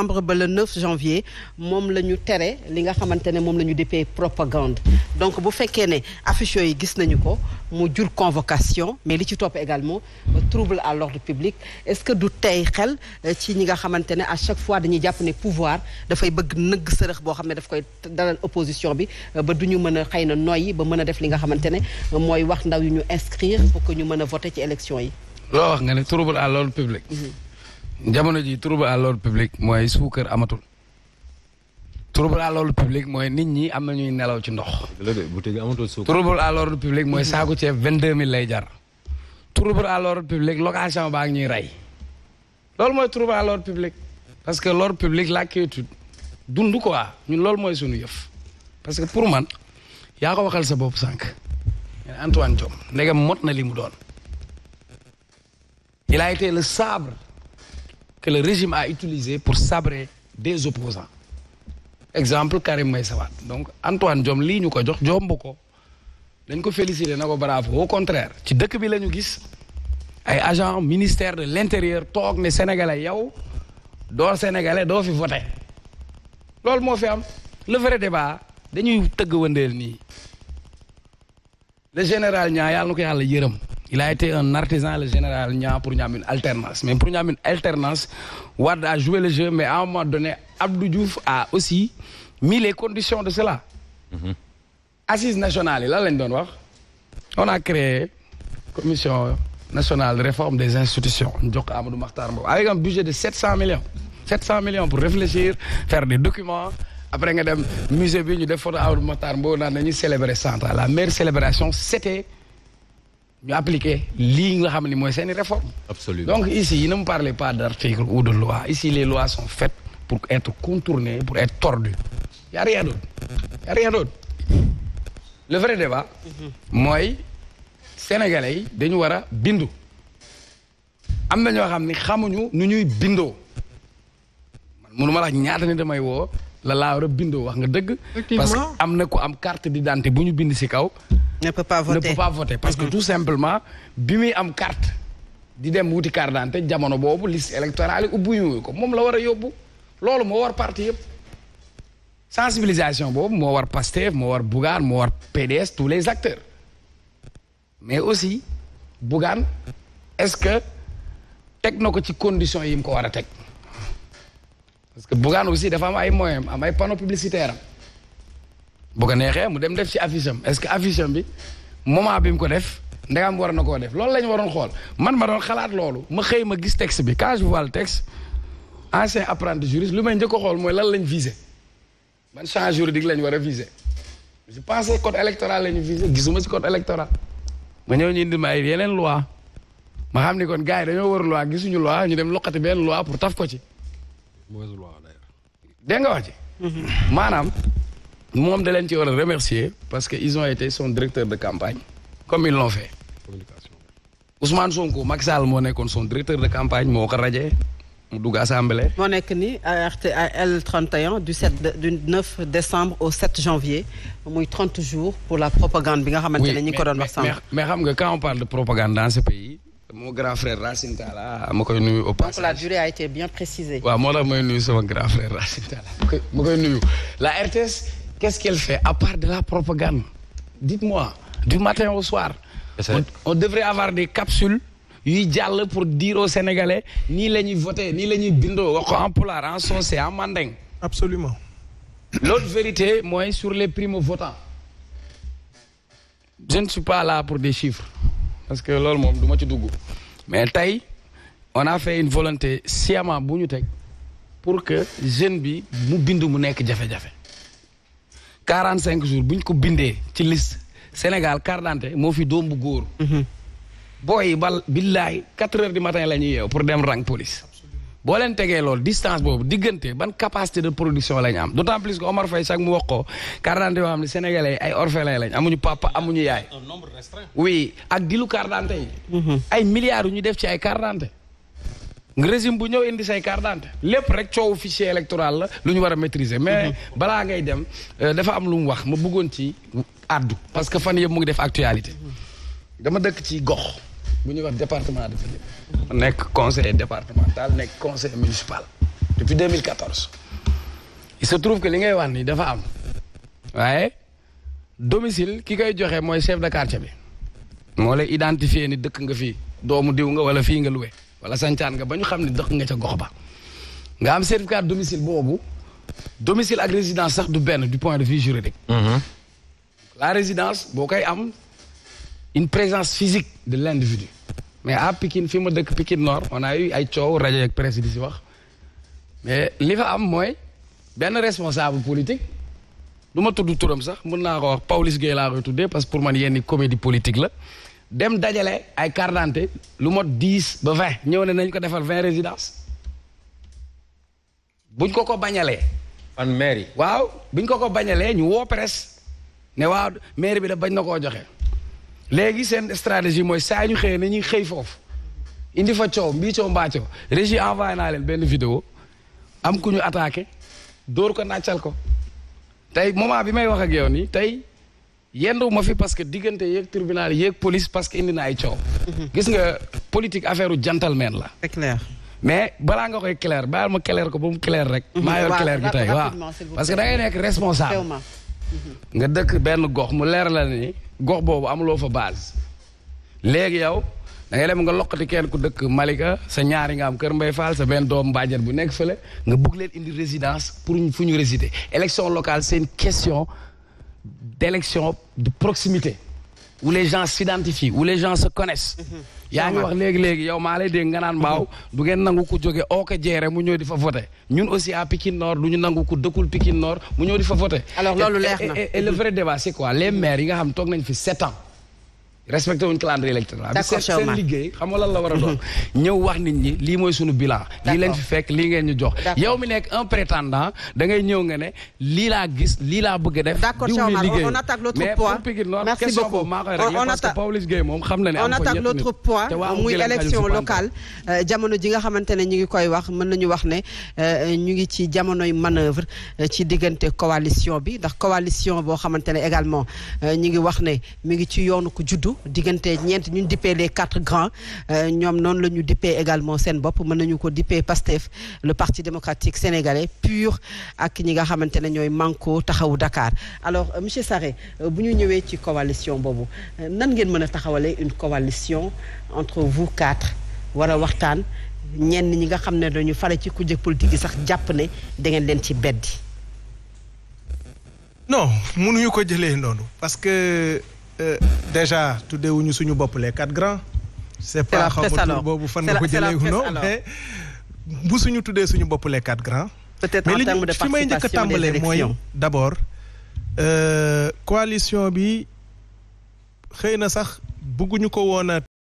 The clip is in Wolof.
novembre ba le 9 janvier moom la ñu tere li nga xamante ne moom la ñu dépee propagande donc bu fekkee ne affiche yi gis nañu ko mu jur convocation mais li ci topp également trouble à l'ordre public est-ce que du tey xel euh, ci ñi nga xamante ne à chaque fois dañuy jàpp ne pouvoir dafay bëgg nëgg sërëx boo xam ne daf koy dalal opposition bi euh, ba du ñu mën a xëy na noyyi ba mën a def li nga xamante ne euh, mooy wax ndaw yu ñu inscrire pour ko ñu mën a voter ci élection yi wax nga ne trouble à l'ordre public mhm. jamono ji trouble à l'ordre public mooy suukar amatul trouble à l'ordre public mooy nit ñi am na ñuy nelaw ci ndox. trouble à l'ordre public mooy saaku ceeb vingt deux mille lay jar. trouble à l'ordre public location baa ngi ñuy rey loolu mooy trouble à l'ordre public parce que l'ordre public la quiétude dund quoi ñun loolu mooy suñu yëf parce que pour man yaa ko waxal sa bopp sànq. Antoine Diome ndegam mot na li mu doon. il a le sabre. que le régime a utilisé pour sabrer des opposants exemple Karim Meïssa Wade donc Antoine Diome lii ñu ko jox jomb ko dañ ko féliciter na ko bravo au contraire ci dëkk bi la ñu gis ay agent ministère de l'intérieur toog ne sénégalais yow doo sénégalais doo fi voté loolu moo fi am le vrai débat dañuy tëgg wëndeel nii le général ñaa yàlla na ko yàlla yërëm il a été un artisan le général Niang pour ñu am une alternance mais pour ñu am une alternance Wade a joué le jeu mais à un moment donné Abdou Diouf a aussi mis les condition de cela. Mm -hmm. assise nationale yi lan lañ doon wax. on a créé commission nationale de réforme des institutions ñu jox Amadou Makhtar Mbow avec un budget de 700 millions. 700 millions pour réfléchir faire des documents. après nga dem musée bi ñu def photo Amadou Makhtar Mbow bo nañu célébrer 100 ans la meilleure célébration c'était ñu appliquer lii nga xam ni mooy seeni réforme absolument donc ici na me parlez pas d'article ou de loi ici les lois sont faites pour être contournées pour être tordues y a rien d'autre le vrai débat mooy sénégalais dañu war a bindu am na ñoo xam ni xamuñu nu ñuy bindoo man mënu ma la ñaata ni damay woo la laa war a bindoo wax nga dëgg. parce que am na ku am carte d'identité bu ñu bind si kaw. ne peut pas voter ne parce que mm-hmm. tout simplement bi muy am carte. di dem wuti carte d'identité jamono boobu liste électorale yi ubbi ko moom la war a yóbbu loolu moo war parti yëpp. sensibilisation boobu moo war Pastef moo war Bougane moo war PDS tous les acteurs mais aussi Bougane est-ce que teg na ko ci conditions yi mu ko war a teg. parce que Bougane aussi dafa am ay moyens am ay panneaux publicitaires am bu ko neexee mu dem def ci affiche est-ce que affiche bi moom bi ko def ndegam war na koo def loolu la ñu waroon xool man ma doon xalaat loolu ma xëy ma gis texte bi quand je vois le texte ancien apprenti juriste lu may njëkk xool mooy lan lañ visé ban champ juridique lañ war a visé je pensais code électoral lañu visé gisuma si code électoral ma ñëw ñu indi ma ay yeneen loi ma xam ni kon gars yi dañoo war loi gisuñu loi ñu dem loqati benn loi pour taf ko ci dégg nga wax ci mhm. maanaam moom da leen ci war a remercier parce que ils ont été son directeur de campagne comme ils l'ont fait Ousmane Sonko Macky Sall moo nekkoon son directeur de campagne moo ko rajee mu dugg assemblée. moo nekk ni L 31 du 7 du 9 décembre au 7 janvier muy 30 jours pour la propagande bi nga xamante ne ñi ko doon wax. sànq mais xam nga quand on parle de propagande dans ce pays. moo grand frère Racine Talla ma koy nuyu au passage. donc la durée a été bien précisée. waaw moo tax may nuyu sama grand frère Racine Talla ma koy nuyu la RTS qu'est-ce qu'elle fait à part de la propagande dites-moi du matin au soir. On, devrait avoir des capsules. yuy pour dire aux Sénégalais nii la ñuy voté nii la ñuy bindoo wax en pulaar en soose en mandeng. l'autre vérité mooy sur les primo-votants je ne suis pas là pour des chiffres. parce que loolu moom duma ci dugg mais tey on a fait une volonté sciemment bu ñu teg pour que jeune bi mu bind mu nekk jafe-jafe cinq jours bu ko bindee ci liste Sénégal carte d'identité moo fi doom bu góor. Mhm. booy yi bal billaay 4 heures du matin la ñuy yeew pour dem rang police. boo leen tegee lool distance boobu diggante ban capacité de production la am d' autant plus que Omar Faye sax mu wax ko carte yoo xam ne sénégalais ay orphelins lañ amuñu papa amuñu yaay. oui ak dilu carte d'identité yi. Mhm. ay milliards ñu def ci ay carte d'identité régime bu ñëw indi say carte d'identité lépp rek coow fichier électoral la lu ñu war a maîtriser mais mhm. balaa ngay dem euh, dafa am lu mu wax ma buggoon ci àddu parce que fan yëpp mu ngi def actualité dama dëkk ci gox bu ñuy wax département de Philippe nekk conseil départemental nekk conseil municipal depuis 2014 il se trouve que li ngay wax nii dafa am waaye domicile ki koy joxe mooy chef de quartier bi moo lay identifier ni dëkk nga fii doomu diw nga wala fii nga luwe wala sancaan nga ba ñu xam ne dëkk nga ca gox ba nga am certificat domicile boobu domicile ak résidence sax du benn du point de vue juridique mhm. la résidence boo koy am une présence physique de l'individu mais à Pikine fi ma dëkk Pikine Nord on a ay coow rajo ak presse di si wax mais li fa am mooy benn responsable politique lu ma tudd turam sax mën naa ko wax Pawlish Gueye laa koy tuddee parce que pour man yenn comédie politique la dem dajale ay carte lu mot dix ba vingt ñëw ne nañ ko defal vingt résidence buñ ko ko bañalee. fan waaw buñ ko ko bañalee ñu woo presse ne waaw maire bi da bañ na koo joxe léegi seen stratégie mooy saa ñu xëyee na ñuy xëy foofu indi fa coow mbii coow mbaa coow régie envoyé naa leen benn vidéo am ku ñu attaqué dóor ko nàccal ko. tey moment bi may wax ak nii tey yendu ma fi parce que diggante yeeg tribunal yeeg police parce que indi na ay coow. Mhm. gis nga politique affaire u gentleman la. c'est mais balaa nga koy clair baal ma clair ko ba mu clair rek. Mhm. maa yor clair gi tey waaw parce que da ngay nekk responsable. Mhm. nga dëkk benn gox mu leer la ni gox boobu amuloo fa base. léegi yow da ngay dem nga loqati kenn ku dëkk Malika sa ñaari nga am Kër Mbay Fall sa benn doom bàjjen bu nekk fële nga bëgg leen indi résidence pour fu ñu résider élection locale c'est une question d'élection de proximité où les gens s'identifient où les gens se connaissent. Mhm. yaa ngi wax léegi-léegi yow maa lay dégg nga naan mbaaw du ngeen nangu ko jóge ooka jeere mu ñëw di fa voté ñun aussi à Pikine Nord du ñu nangu ko dëkkul Pikine Nord mu ñëw di fa voté alors loolu leer na et le vrai yi nga xam toog nañ fi sept ans respecté wuñ calendrier électoral. d'accord seen liggéey xam nga la war a doon. ñëw wax nit ñi lii mooy sunu bilan. lii leen fi fekk lii ngeen ñu jox. yow mi nekk un prétendant da ngay ñëw nga ne lii la gis lii laa bëgg a def. d'accord on attaque l'autre point merci beaucoup mais on attaque xam na ne élection locale euh, jamono ji nga xamante ne ñu ngi koy wax mën nañu wax ne euh, ñu ngi ci jamonoy manœuvre euh, ci diggante coalition bi ndax coalition boo xamante ne également ñu ngi wax ne mi ngi ci yoonu ko juddu diggante ñeent ñu dippee les quatre grands euh, ñoom noonu la ñu dippee également seen bopp mën nañu ko dippee PASTEF le parti démocratique sénégalais PUR ak ñi nga xamante ne ñooy Manko taxawu Dakar alors euh, monsieur Sarré euh, bu ñu ñëwee ci coalition boobu nan ngeen mën a taxawalee une coalition entre vous quatre wara waxtaan ñenn ñi nga xam ne dañu fare ci kujje politique yi sax jàpp ne dangeen leen ci beddi non mënuñu ko jëlee noonu parce que Euh, déjà tuddeewuñu suñu bopp les quatre grands. c'est pas xaw ma boobu fan nga ko jëlee non bu suñu tuddee suñu bopp les quatre grands. peut-être en terme de participation des élections mais li fi may njëkk tàmbalee mooy d'abord euh, coalition bi xëy na sax bëgguñu ko woon